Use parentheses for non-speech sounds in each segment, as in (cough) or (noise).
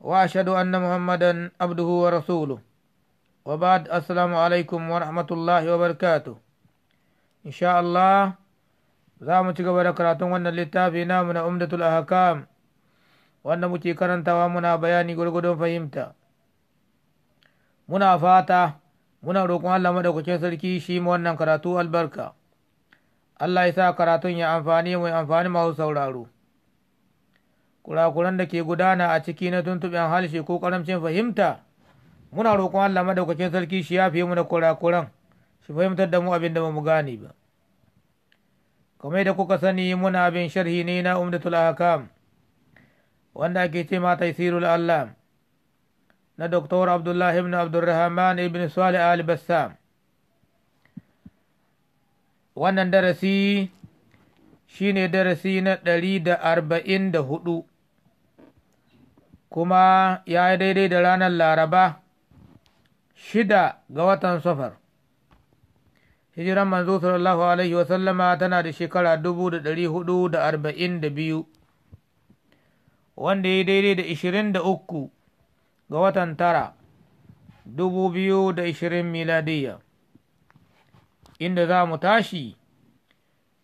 وأشهد أن محمدا عبده ورسوله وبعد السلام عليكم ورحمة الله وبركاته إن شاء الله za mu ci gaba da karatun wannan littafi namu na umdatul ahkam wanda muke karantawa muna bayani gwargwadon fahimta muna fata muna roƙon Allah madaukakin sarki shi mu wannan karatu albarka Allah ya sa karatun ya amfani mu amfani masu sauraro kurakuran da ke gudana a ciki na tuntuɓen halshe ko karamcin fahimta muna roƙon Allah madaukakin sarki shi ya fi mu da kurakuran shi fahimtar da mu abin da ba mu gane ba kamar da kuka sani muna bin sharhi ne na umdatul ahkam wanda ake ce ma taisirul Allah na Dr. Abdullah ibn Abdurrahman ibn Salih Al Bassam wannan darasi shine darasi na ɗari da arba'in da hudu kuma ya yi daidai da ranar laraba shida ga watan safar hijiran manzo sallallahu alaihi wasallama tana da shekara dubu da ɗari hudu da arba'in da biyu wanda ya daidai da ishirin da uku ga watan tara dubu biyu da ishirin miladiyya inda za mu tashi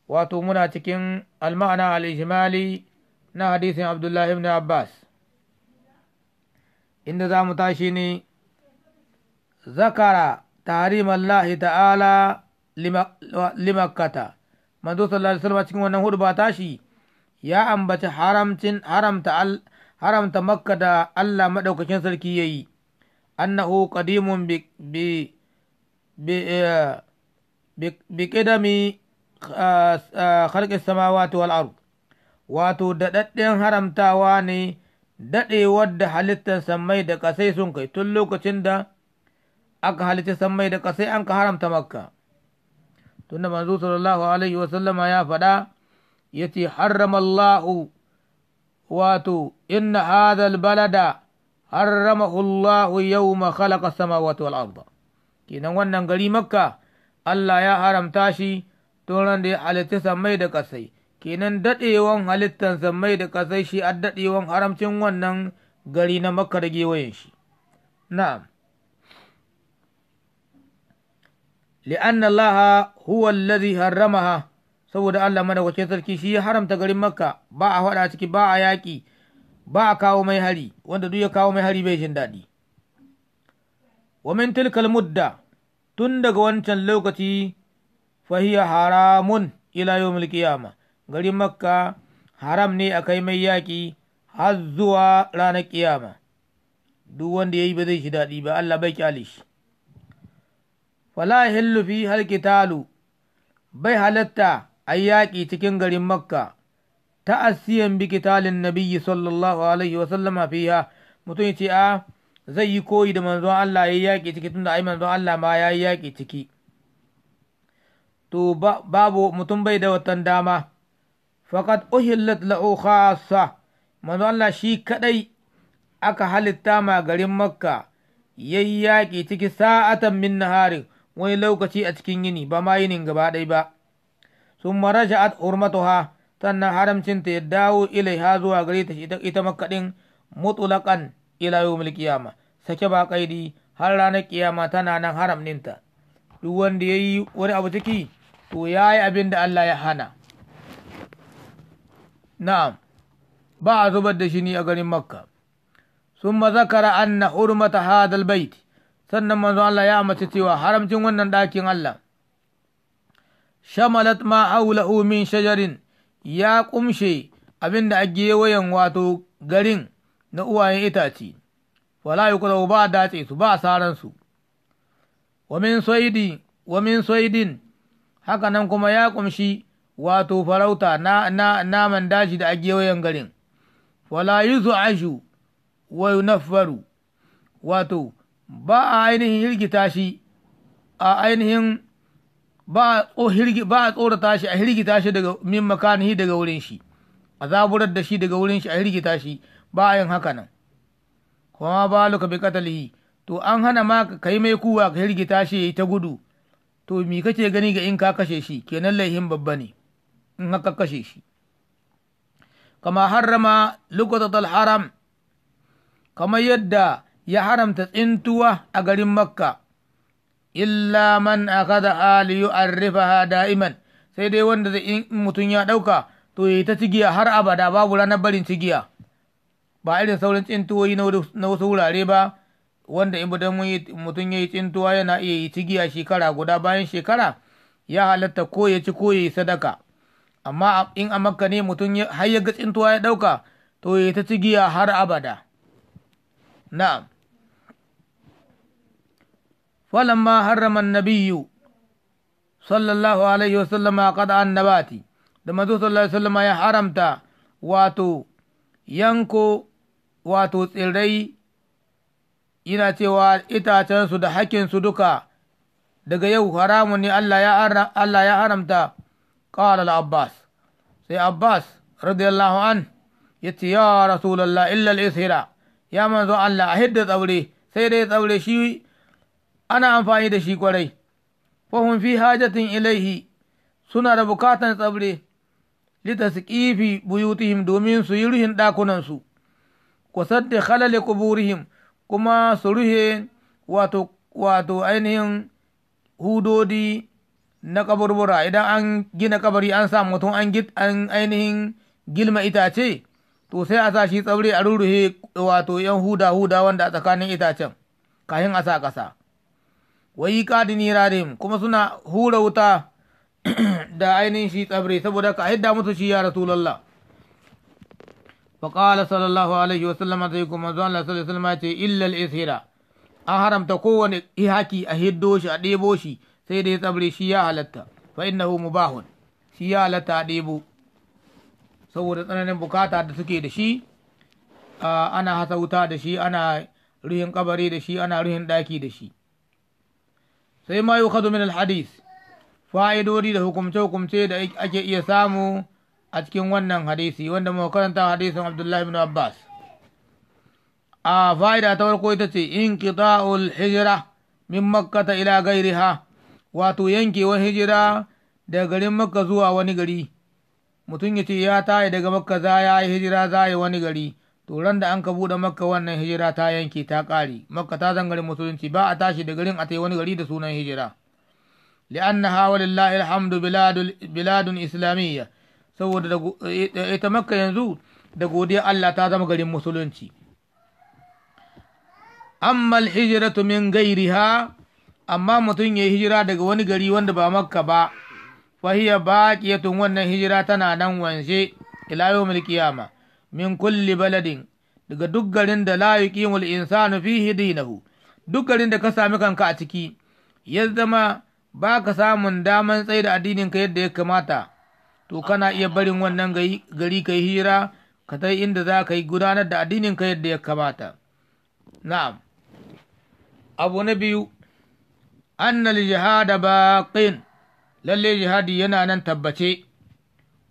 wato muna cikin alma'ana al'ijimali na hadisin abdullahi ibn abbas inda za mu tashi ne zakara tahrim Allah ta'ala limakata manzo sallallahu alaihi wasallam cikin wannan hudba tashi ya ambaci haramcin haramta haramta makka da Allah madaukakin sarki yayi annahu qadimun bi bi bi eh, qidami eh, eh, khalqis samawati wal ard wato daɗaɗɗen haramtawa ne daɗewar da halittar sammai da ƙasai sun kai tun lokacin da aka halitta sammai da ƙasai an ka haramta makka da manzo sallallahu alaihi wasallama ya faɗa ya ce haramallahu wato inna hadal balada harramahu Allahu yawma khalaqa samawati wal arda kenan wannan gari makka Allah ya haramta shi tun ran da ya halitta sammai da ƙasai kenan daɗewan halittar zammai da ƙasai shi a daɗewan haramcin wannan gari na makka da gewayen shi na'am li'anna laha huwa allazi ha saboda Allah madaukakin sarki shi ya haramta garin makka ba a faɗa ciki ba a yaƙi ba a kawo mai hari wanda duk ya kawo mai hari bai jin daɗi wa min tilkal mudda tun daga wancan lokaci fahiya haramun ila yawmil qiyamah garin makka haram ne a kai mai yaƙi har zuwa ranar ƙiyama duk wanda ya yi ba zai shi daɗi ba Allah bai kyale shi fala hillu fi halkitalu bai halatta a yaƙi cikin garin makka asiyan bi kitalin nabiyyi sallallahu alaihi wa sallama fiha mutum ya ce a zai yi koyi da manzon Allah ya yaƙi ciki tunda ai manzon Allah ma ya yi yaƙi ciki to babu mutum bai da watan dama faqad uhillat lahu khassa manzo Allah shi kadai aka halitta ma garin makka yayi yaƙi ciki sa'atan min harin wani lokaci a cikin yini ba ma yinin gaba ɗaya ba sun maraja at urmatuha sannan ta ya dawo ilaiha zuwa gari ta ita makka ɗin mutulakan ila yawmul sake ba kaidi har ranar kiyama tana nan haram ɗinta duk wanda ya yi wani abu ciki to yayi abin da Allah ya hana na'am ba a zubar da shini a garin makka sun zakara anna hurmata hadal bait sannan manzo Allah ya amince cewa haramcin wannan ɗakin Allah shamalat ma haulahu min shajarin ya ƙumshe abin da a gewayen wato garin na uwayen itace wala yuqrau ba datse su ba saran su wa min haka nan kuma ya ƙumshi wato farauta na naman daji da ake gewayen garin wala yuzu ashu wa yunaffaru wato ba a ainihin hirgita shi a ainihin ba a tsorata shi a hirgita shi daga min makanihi daga wurin shi a zaburar da shi daga wurin shi a hirgita shi ba a yin haka nan kuma ba luka bi katalihi to an hana ma ka yi mai kuwa ka hirgita shi ya yi ta gudu to mi kake gani ga in ka kashe shi kenan laihin babba ne in aka kashe shi kama harrama lukutat haram kamar yadda ya haramta tsintuwa a garin makka illa man akada aliyu arrifaha da'iman sai dai wanda zai in mutum ya ɗauka to ya yi ta cigiya har abada babu ranar barin cigiya ba irin saurin tsintuwoyi na wasu wurare ba wanda in mutum ya yi tsintuwa yana iya yi cigiya shekara guda bayan shekara ya halatta ko ya ci ko ya yi sadaka amma in a makka ne mutum har ya ga tsintuwa ya ɗauka to ya ta tsigiya har abada na'am falamma harrama nabiyyu sallallahu alaihi wasallama qada annabati da manzo sallallahu alaihi wasallama ya haramta wato yanko wato tsirrai yana cewa itacensu da hakinsu duka daga yau haramun ne Allah ya haramta قال العباس سي عباس رضي الله عنه يتي يا رسول الله إلا الإسهرة يا من ذو الله أهد تولي سيدي تولي شي أنا أنفاني دشي قولي فهم في حاجة إليه suna da bukatan tsabre litaskifi buyutihim domin su yi ruhin ɗakunansu kusar da halale kuburihim kuma su ruhe wato ainihin hudodi na kaburbura idan an gina kabari an sa mutum an ainihin gilma itace to sai a sa shi tsaure a ruruhe wato yan huda huda wanda a tsakanin itacen kahin a sa kasa wai ni radim kuma suna hura wuta (clears throat) da ainihin shi tsabre saboda ka hidda musu shi ya fa qala sallallahu alaihi wasallam sai kuma zuwan sallallahu alaihi wasallam ce illal ishira an haramta kowane ihaki a hiddo shi a debo shi sai dai tsabri shi ya halatta fa innahu mubahun shi ya halatta ɗebo saboda tsananin bukata da suke da shi ana hasauta da shi ana ruhin kabari da shi ana ruhin ɗaki da shi sai ma yi min alhadis fa'idodi da hukumce-hukumce da ake iya samu a cikin wannan hadisi wanda muka karanta hadisin abdullahi bin abbas a fa'ida ta farko ita ce in qita'ul hijira min ta ila gairiha wato yankewar hijira daga garin makka zuwa wani gari mutum ya ce ya taye daga makka za ya yi hijira za yi wani gari to ran da an ka buɗe makka wannan hijira ta yanke ta ƙare makka ta zan garin musulunci ba a tashi da garin a tai wani gari da sunan hijira li'annaha walillahi alhamdu biladun islamiyya saboda eh, eh, ita makka yanzu da godiya Allah ta zama garin musulunci amma alhijratu min gairiha amma mutum ya yi hijira daga wani gari wanda ba makka ba fahiya baqiyatun wannan hijira tana nan wanshe ila yawmil min kulli baladin daga duk garin da la yuqimul insanu fihi dinahu duk garin da ka sami kanka a ciki ya zama ba ka samun daman tsaye da addinin ka yadda ya kamata to kana iya barin wannan gari ka yi hira ka tai inda za ka yi gudanar da addinin ka yadda ya kamata na'am abu na biyu annal jihada baƙin lalle jihadi yana nan tabbace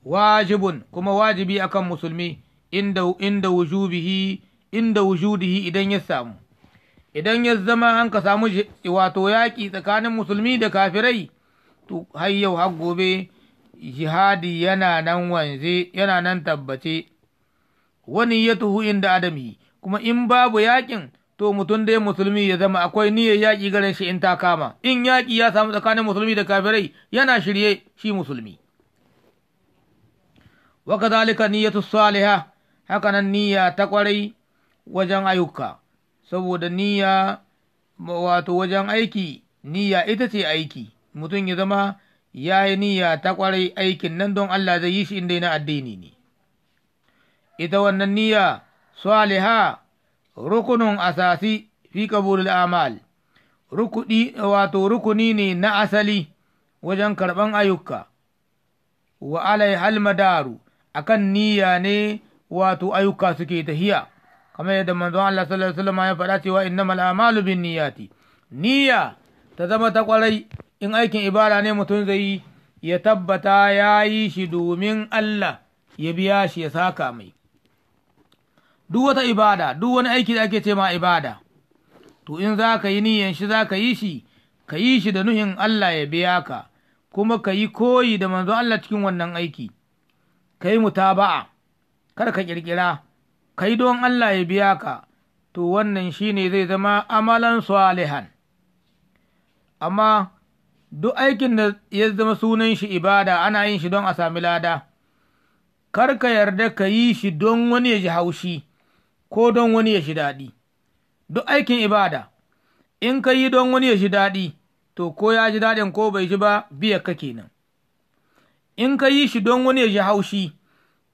wajibun kuma wajibi akan musulmi inda inda wujubihi inda wujudihi idan ya samu idan ya zama an ka samu wato yaƙi tsakanin musulmi da kafirai to har yau har gobe jihadi yana nan yana nan tabbace wani ya tuhu inda adami kuma in babu yaƙin to mutum dai musulmi ya zama akwai niyyar yaƙi garin shi in ta kama in yaƙi ya samu tsakanin musulmi da kafirai yana shirye shi musulmi wa kadhalika niyyatu salihah haka nan niyya ta kwarai wajen ayyuka saboda niyya wato wajen aiki niyya ita ce aiki mutum ya zama ya yi niyya ta kwarai aikin nan don Allah zai yi shi inda na addini ne ita wannan niyya saliha Rukunin asasi fi kabulul amal rukudi wato rukuni ne na asali wajen karɓan ayyuka wa alai halmadaru akan niyya ne wato ayyuka suke tahiya kamar yadda manzo Allah sallallahu alaihi wasallam ya faɗa cewa innamal a'malu binniyati niyya ta zama ta kwarai in aikin ibada ne mutum zai yi ya tabbata ya yi shi domin Allah ya biya shi ya saka mai duk wata ibada duk wani aiki da ake ce ma ibada to in za ka yi niyan shi za ka yi shi ka yi shi da nuhin Allah ya biya ka kuma ka yi koyi da manzon Allah cikin wannan aiki ka yi mutaba'a kar ka ƙirƙira. ka yi don Allah ya biya ka to wannan shi ne zai zama amalan salihan amma duk aikin da ya zama sunan shi ibada ana yin shi don a sami lada kar ka yarda ka yi shi don wani ya ji haushi ko don wani ya shi daɗi duk aikin ibada in ka yi don wani ya shi daɗi to ko ya ji daɗin ko bai ji ba biyar ka kenan in ka yi shi don wani ya ji haushi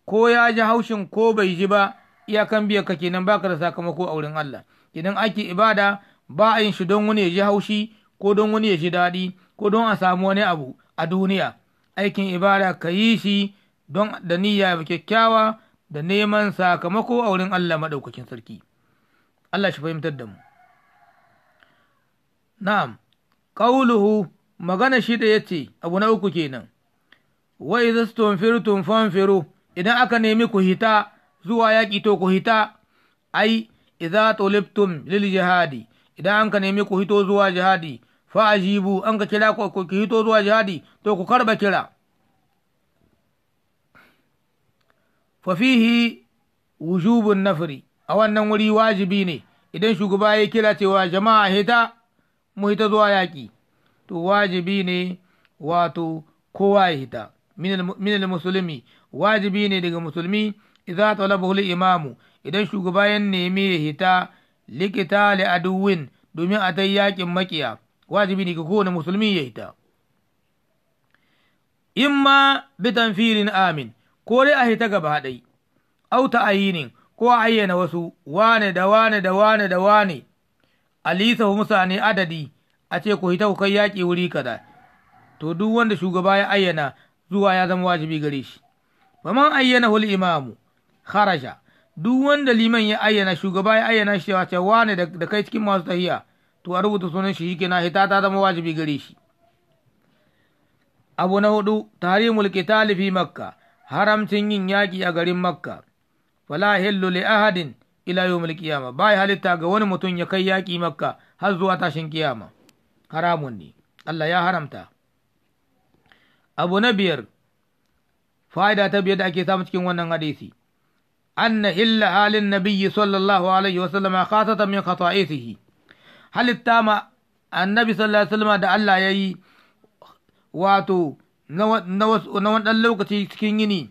ko ya ji haushin ko bai ji ba iyakan biyar ka kenan baka da sakamako a wurin Allah idan aikin ibada ba a yin shi don wani ya ji haushi ko don wani ya ji daɗi ko don a samu wani abu a duniya aikin ibada ka yi shi don da niyya kyakkyawa da neman sakamako a wurin Allah maɗaukakin sarki Allah shi fahimtar da mu na'am ƙauluhu magana shi da ce abu na uku kenan wa idza stunfirtum fanfiru idan aka nemi ku hita zuwa yaƙi to ku hita ai iza tulibtum lil jihadi idan an ka nemi ku hito zuwa jihadi fa ajibu an ka kira ku hito zuwa jihadi to ku karba kira fa fihi wujubun nafri a wannan wuri wajibi ne idan shugaba ya kira cewa jama'a hita mu hita zuwa yaƙi to wajibi ne wato kowa ya hita minal musulmi wajibi ne daga musulmi idza talabahu imamu idan shugaba ya nemi ya hita likita li aduwin domin a tai yaƙin makiya wajibi ne ga kowane musulmi ya hita imma filin amin ko dai a hita gaba ɗai, auta ayinin ko a ayyana wasu wane da wane da wane da wane, a lisafu mutane adadi a ce ku hita ku kai yaƙi wuri kaza, to duk wanda shugaba ya ayyana zuwa ya zama wajibi gare shi. man ayyana hul imamu, kharaja, duk wanda liman ya ayyana shugaba ya ayyana shi cewa wane da kai cikin masu tahiya, to a rubuta sunan shi na hita ta zama wajibi gare shi. Abu na hudu, tare mulki talifi Makka. haramcin yin yaƙi a garin makka fala hillu li ahadin ila yawmil qiyama bai halitta ga wani mutum ya kai yaƙi makka har zuwa tashin kiyama haramun ne Allah ya haramta abu na biyar fa'ida ta biyar da ake samu cikin wannan hadisi anna illa halin nabiyyi sallallahu alaihi wasallam khasatan min khata'isihi halitta ma annabi sallallahu alaihi wasallam da Allah yayi wato na wani lokaci cikin yini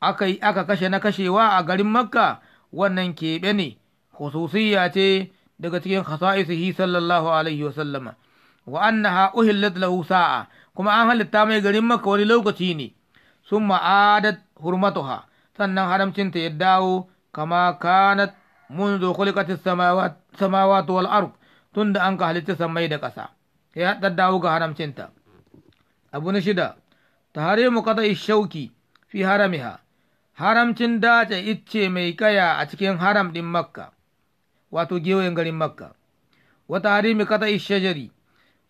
aka kashe na kashewa a garin makka wannan keɓe ne hususiyya ce daga cikin hasa'isihi sallallahu alaihi sallama wa annaha uhillat lahu sa'a kuma an halitta mai garin makka wani lokaci ne sun ma'adat hurmatuha sannan haramcinta ya dawo kama kanat منذ tunda tunda ka halitta samai da kasa ya dawo ga haramcin ta abu na shida hare mu kada shauki fi haramiha haramcin dace icce mai kaya a cikin haram ɗin makka wato gewayen garin makka wata mu kada shajari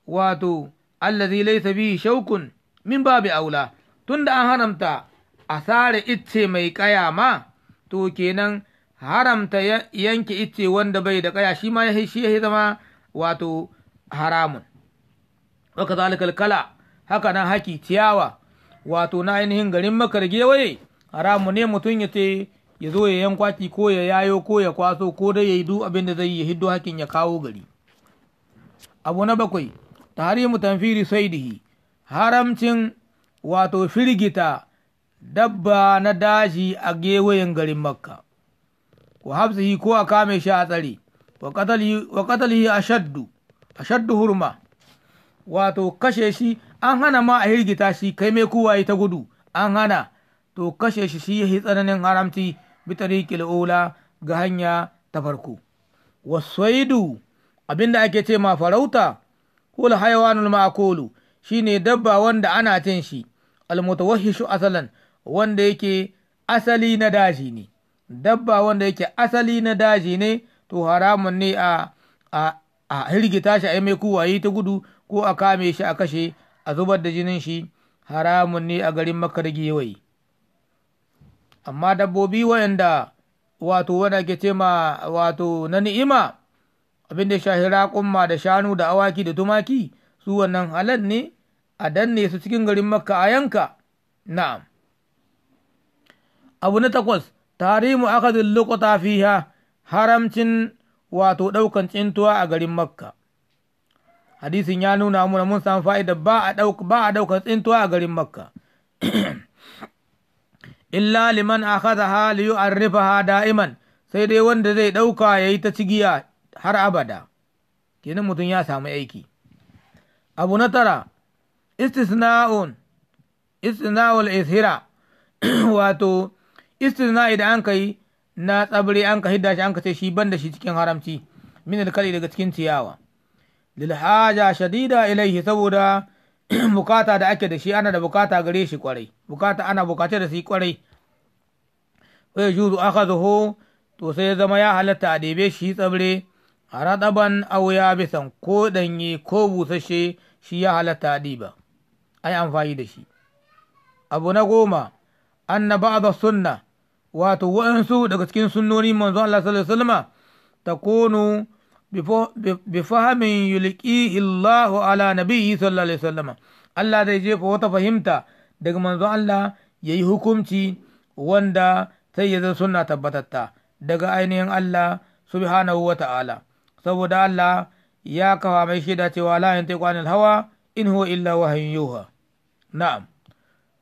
wato allazi laisa bihi shaukun min babi aula tunda an haramta a sare icce mai kaya ma to kenan haramta yanke icce wanda bai da kaya shi ma shi ya zama wato haramun wa zalika kala haka nan haki ciyawa wato na ainihin garin da gewaye haramu ne mutum ya ce ya zo ya yankwaki ko ya yayo ko ya kwaso ko dai ya yi duk abin da zai yi hiddo hakin ya kawo gari abu na bakwai tarihi tanfiri saidihi haramcin wato firgita dabba na daji a gewayen garin makka ko hafsihi ko a kame shi a tsare wa katalihi a shaddu hurma wato kashe shi an hana ma a hirgita shi kai mai kowa ta gudu an hana to kashe shi shi yi tsananin haramci bitariqil ula ga hanya ta farko wasaidu abinda ake ce ma farauta hul hayawanul shi ne dabba wanda ana cin shi almutawahishu asalan wanda yake asali na daji ne dabba wanda yake asali na daji ne to haramun ne a hirgita shi a mai kowa ta gudu ko a kame shi a kashe a zubar da jinin shi haramun ne a garin makka da amma dabbobi wayanda wato wanda ke ce ma wato na ni'ima abin da shahi raƙumma da shanu da awaki da tumaki su wannan halal ne a danne su cikin garin makka a yanka na'am abu na takwas tarimu akadin lokuta fiya haramcin wato ɗaukan tsintuwa a garin makka hadisin ya nuna muna mun samu fa'ida ba a ɗaukar tsintuwa a garin makka (clears throat) illa liman akhadha li yu'arrifaha da'iman sai dai wanda zai ɗauka ya yi ta cigiya har abada kenan mutum ya samu aiki abu na istisna'un istisna'ul ishira (clears throat) wato Istisna da an kai na tsabiri an ka hidda shi an ka ce shi banda da shi cikin haramci min alkali daga cikin ciyawa lilhaja shadida ilaihi saboda (clears throat) bukata da ake da shi ana da bukata gare shi kwarai bukata ana bukace da shi kwarai wai juzu aka zaho to sai ya zama ya halatta a ɗebe shi tsabre a raɗaban auya bisan ko ɗanye ko busasshe shi ya halatta a ɗiba ai amfani da shi abu na goma an na ba'adha sunna wato wa'ansu daga cikin sunnoni manzo Allah sallallahu alaihi wasallam takunu bifahamin yulki illahu ala nabiyyi sallallahu alaihi wasallam Allah zai jefa wata fahimta daga manzo Allah ya yi hukunci wanda sai ya zan suna tabbatatta daga ainihin Allah subhanahu wa ta'ala saboda Allah ya kafa mai shida cewa la yantiqu anil hawa in huwa illa wahyun yuha na'am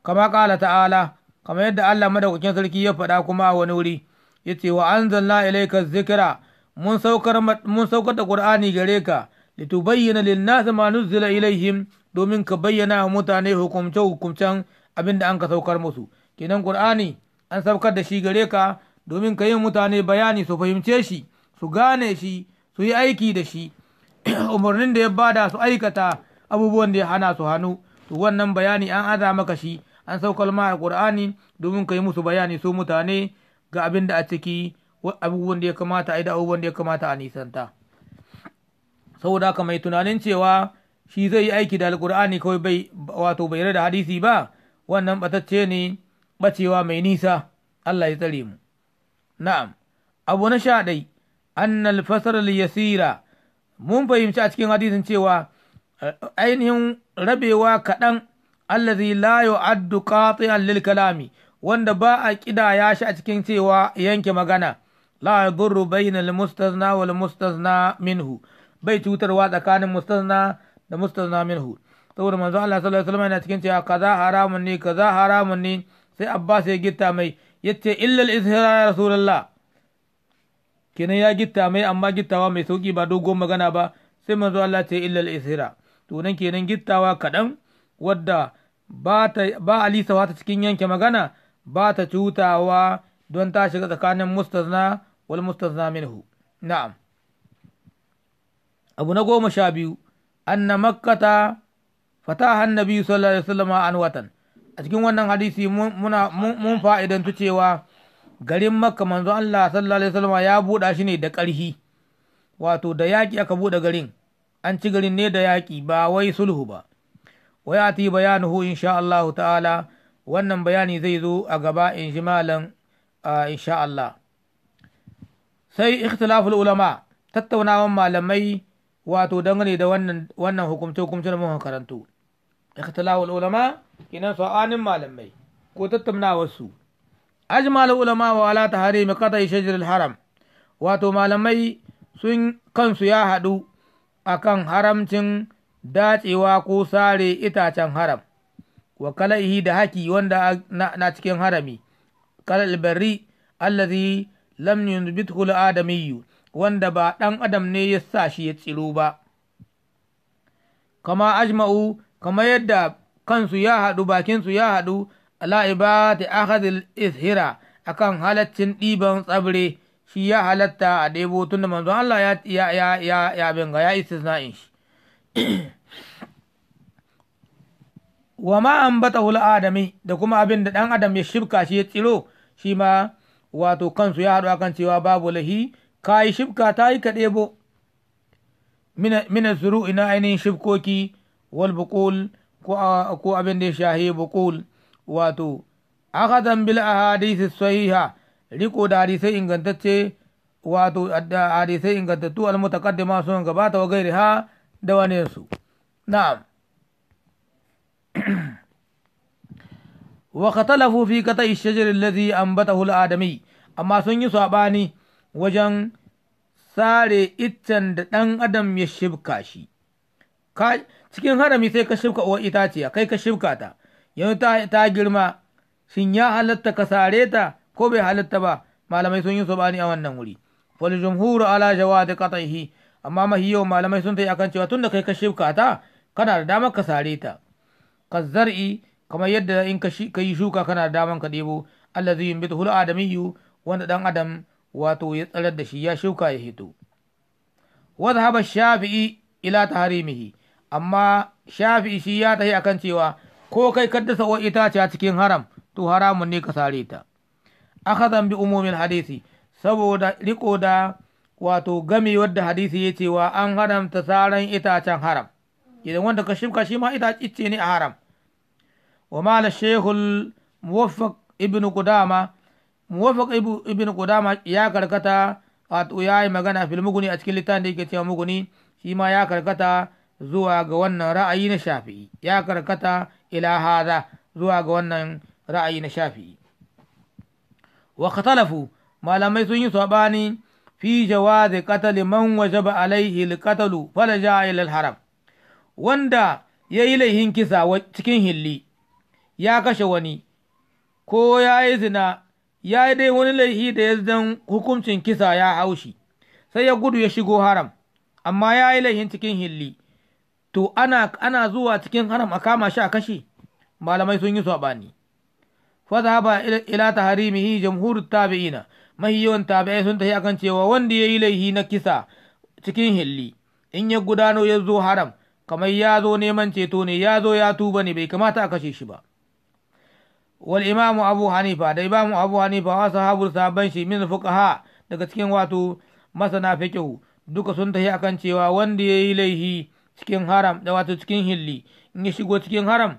kama ƙala ta'ala kamar yadda Allah madaukakin sarki ya faɗa kuma a wani wuri yace wa anzalna ilayka zikira mun saukar da Qur'ani gare ka litubayyana lin-nasi ma nuzila ilaihim domin ka bayyana wa mutane hukumce hukumcen abin da an ka saukar musu kenan Qur'ani an saukar da shi gare ka domin ka yi mutane bayani su fahimce shi su gane shi su yi aiki da shi (coughs) umarnin da ya bada su aikata abubuwan da ya hana su hannu to wannan bayani an aza maka shi an saukar ma Qur'ani domin ka yi musu bayani su mutane ga abin da a ciki abubuwan da ya kamata a yi da abubuwan da ya kamata a nisanta saboda haka mai tunanin cewa shi zai yi aiki da alkur'ani kawai bai wato bai da hadisi ba wannan batacce ne bacewa mai nisa Allah ya tsare mu na'am abu na sha ɗai annal fasar yasira mun fahimci a cikin hadisin cewa eh, ainihin rabewa kaɗan "Allah allazi la yu'addu qati'an lil kalami wanda ba a kidaya shi a cikin cewa yanke magana la yadurru bayna al-mustazna wal mustazna minhu bai cutarwa tsakanin mustazna da mustazna minhu saboda manzo Allah sallallahu alaihi wasallam yana cikin cewa kaza haramun ne kaza haramun ne sai Abbas ya gitta mai yace illa al-izhara ya rasulullah kenan ya gitta mai amma gittawa mai sauki ba dogon magana ba sai manzo Allah ce illa al-izhara to nan kenan gittawa kaɗan wadda ba ta ba alisawa ta cikin yanke magana ba ta cutawa don ta shiga tsakanin mustazna والمستثنى منه نعم na'am abu na goma sha biyu النبي makkata الله عليه وسلم alaihi وطن an watan a cikin wannan hadisi mun fa'idantu cewa garin makka manzo Allah sallallahu alaihi wasallam ya buɗa shi ne da ƙarhi. wato da yaƙi aka buɗe garin an ci garin ne da yaƙi ba wai sulhu ba wa ya ti bayanuhu insha Allah ta'ala wannan bayani zai zo a gaba in ji malam insha Allah sai ikhtilaful ulama tattaunawan malamai wato dangane da wannan wannan hukumce hukumce na mun karanto ikhtilaful ulama kinan sa'anin malamai ko tattaunawar su ajmal ulama wa ala tahrimi qata'i shajaril haram wato malamai sun kansu ya haɗu akan haramcin dacewa ko sare itacen haram wa kala'ihi da haki wanda na, cikin harami kalal barri allazi lam yunbithu adamiyyu wanda ba ɗan adam ne ya sa shi ya tsiro ba kama ajma'u kama yadda kansu ya haɗu bakinsu ya haɗu ala ibati akhadil ishira akan halaccin ɗiban tsabre shi ya halatta a ɗebo tun da manzon Allah ya ya ya ya ya shi wa ma an bata adami da kuma abin da ɗan adam ya shibka shi ya tsiro shi ma wato kansu ya haɗu akan cewa babu lahi ka yi shifka ta yi ka ɗebo mina zuru ina ainihin shifkoki wal bukul ko abin da ya shahi bukul wato a bil sai sahiha riko da hadisai ingantacce wato da hadisai ingantattu al mutaqaddima sun gabata wa gairiha da wani su na'am wa qatalahu fi qata'i shajar allazi ambatahu al-adami amma sun yi saɓani wajen sare iccen da ɗan adam ya shibka shi cikin harami sai ka shibka uwar itaciya kai ka shibka ta Yau ta, girma shin ya halatta ka sare ta ko bai halatta ba malamai sun yi saɓani a wannan wuri fal jumhur ala jawadi qataihi amma yau malamai sun tayi akan cewa tunda kai ka shibka ta kana da damar ka sare ta kazzar'i kamar yadda in ka yi shuka kana daman ka ɗebo allazi yumbitu adamiyyu wanda dan adam wato ya tsarar da shi ya shuka ya hito wa dhahaba shafi'i ila harimihi amma shafi'i shi ya tahi akan cewa ko kai ka dasa wa itace a cikin haram to haramun ne ka sare ta akhadan bi umumin hadisi saboda riko da wato game wadda hadisi ya cewa an haramta saran itacen haram idan wanda ka shuka shi ma itace ne a haram wa الشيخ الموفق ابن قدامة موفق ابن قدامة يا ya yi magana fil muguni a cikin littafin da yake cewa muguni shi ma ya karkata zuwa ga wannan ra'ayi na shafi'i ya karkata ila hada zuwa ga wannan ra'ayi na shafi'i wa qatalafu malamai sun yi sabani fi jawazi qatali man wajaba alaihi alqatalu fala ja'a ila haram wanda yayi laifin kisa cikin hilli ya kashe wani, ko ya yi zina, ya yi dai wani laifi da ya zan hukuncin kisa ya haushi, sai ya gudu ya shigo haram, amma ya yi laifin cikin hilli, to ana, ana zuwa cikin haram a kama shi a kashe, malamai sun yi saɓani. Fasahaba ila ta taharimihi jamhurut tabi'ina, mahi yawan tabi'ai sun tafi akan cewa wanda ya yi laifi na kisa cikin hilli, in ya gudano ya zo haram, kamar ya zo neman ceto ne, ya zo ya tuba ne, bai kamata a kashe shi ba. wal imamu abu hanifa da imamu abu hanifa wa sahabu sahabban shi min fukaha daga cikin wato masana fiqhu duka sun tafi akan cewa wanda ya yi laihi cikin haram da wato cikin hilli in ya shigo cikin haram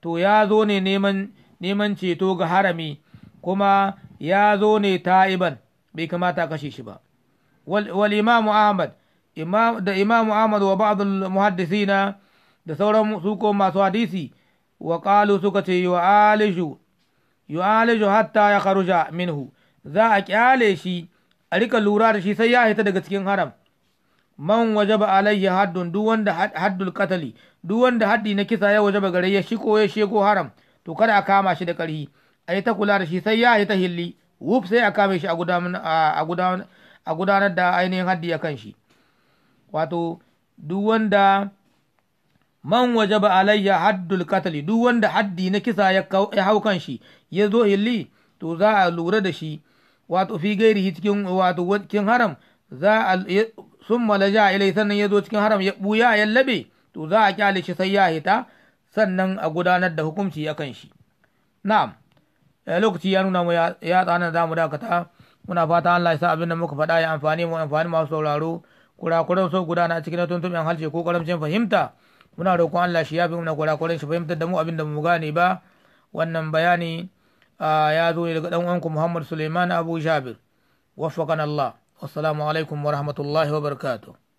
to ya zo ne neman neman ceto ga harami kuma ya zo ne ta'iban bai kamata kashe shi ba wal ahmad da Imam ahmad wa ba'd al muhaddisina da sauran su ko masu hadisi wa suka ce yu'aliju yu'aliju hatta ya kharuja minhu za a ƙyale shi a rika lura da shi sai ya hita daga cikin haram man wajaba alayhi haddun duk wanda wanda haddi na kisa ya wajaba gare ya shi ko ya shego haram to kada a kama shi da karhi a yi ta kula da shi sai ya yi ta hili wuf sai a kame shi a gudanar da ainihin haddi a kan shi wato wanda man waje ba alayya haddul katali duk wanda haddi na kisa ya hau kan shi ya zo illi to za a lura da shi wato fi gairihi cikin wato cikin haram za a sun malaja ilai sannan ya zo cikin haram ya buya ya labe to za a kyale shi sai ya hita sannan a gudanar da hukunci a kan shi na'am eh, lokaci ya nuna mu ya tsana za mu dakata muna fata Allah ya sa abin da muka faɗa ya amfani mu amfani masu sauraro kurakuran so gudana cikin yan halce ko karamcin fahimta muna roƙon Allah shi yafi muna kurakuran shi fahimtar da mu abin da mu gane ba wannan bayani ya zo ne daga dan uwanku Muhammad Suleiman Abu Jabir waffaqana Allah wassalamu alaikum wa rahmatullahi wa barakatuh